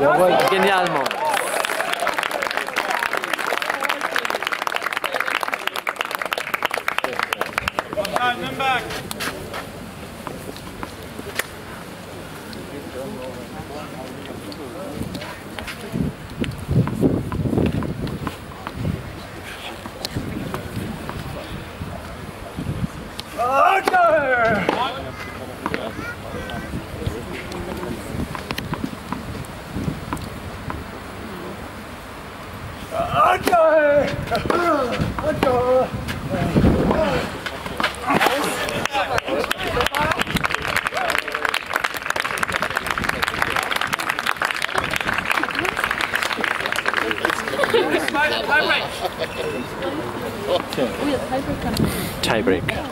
Jawohl, genial, Mann. Nimm back. Order! Order! Order! Tiebreak.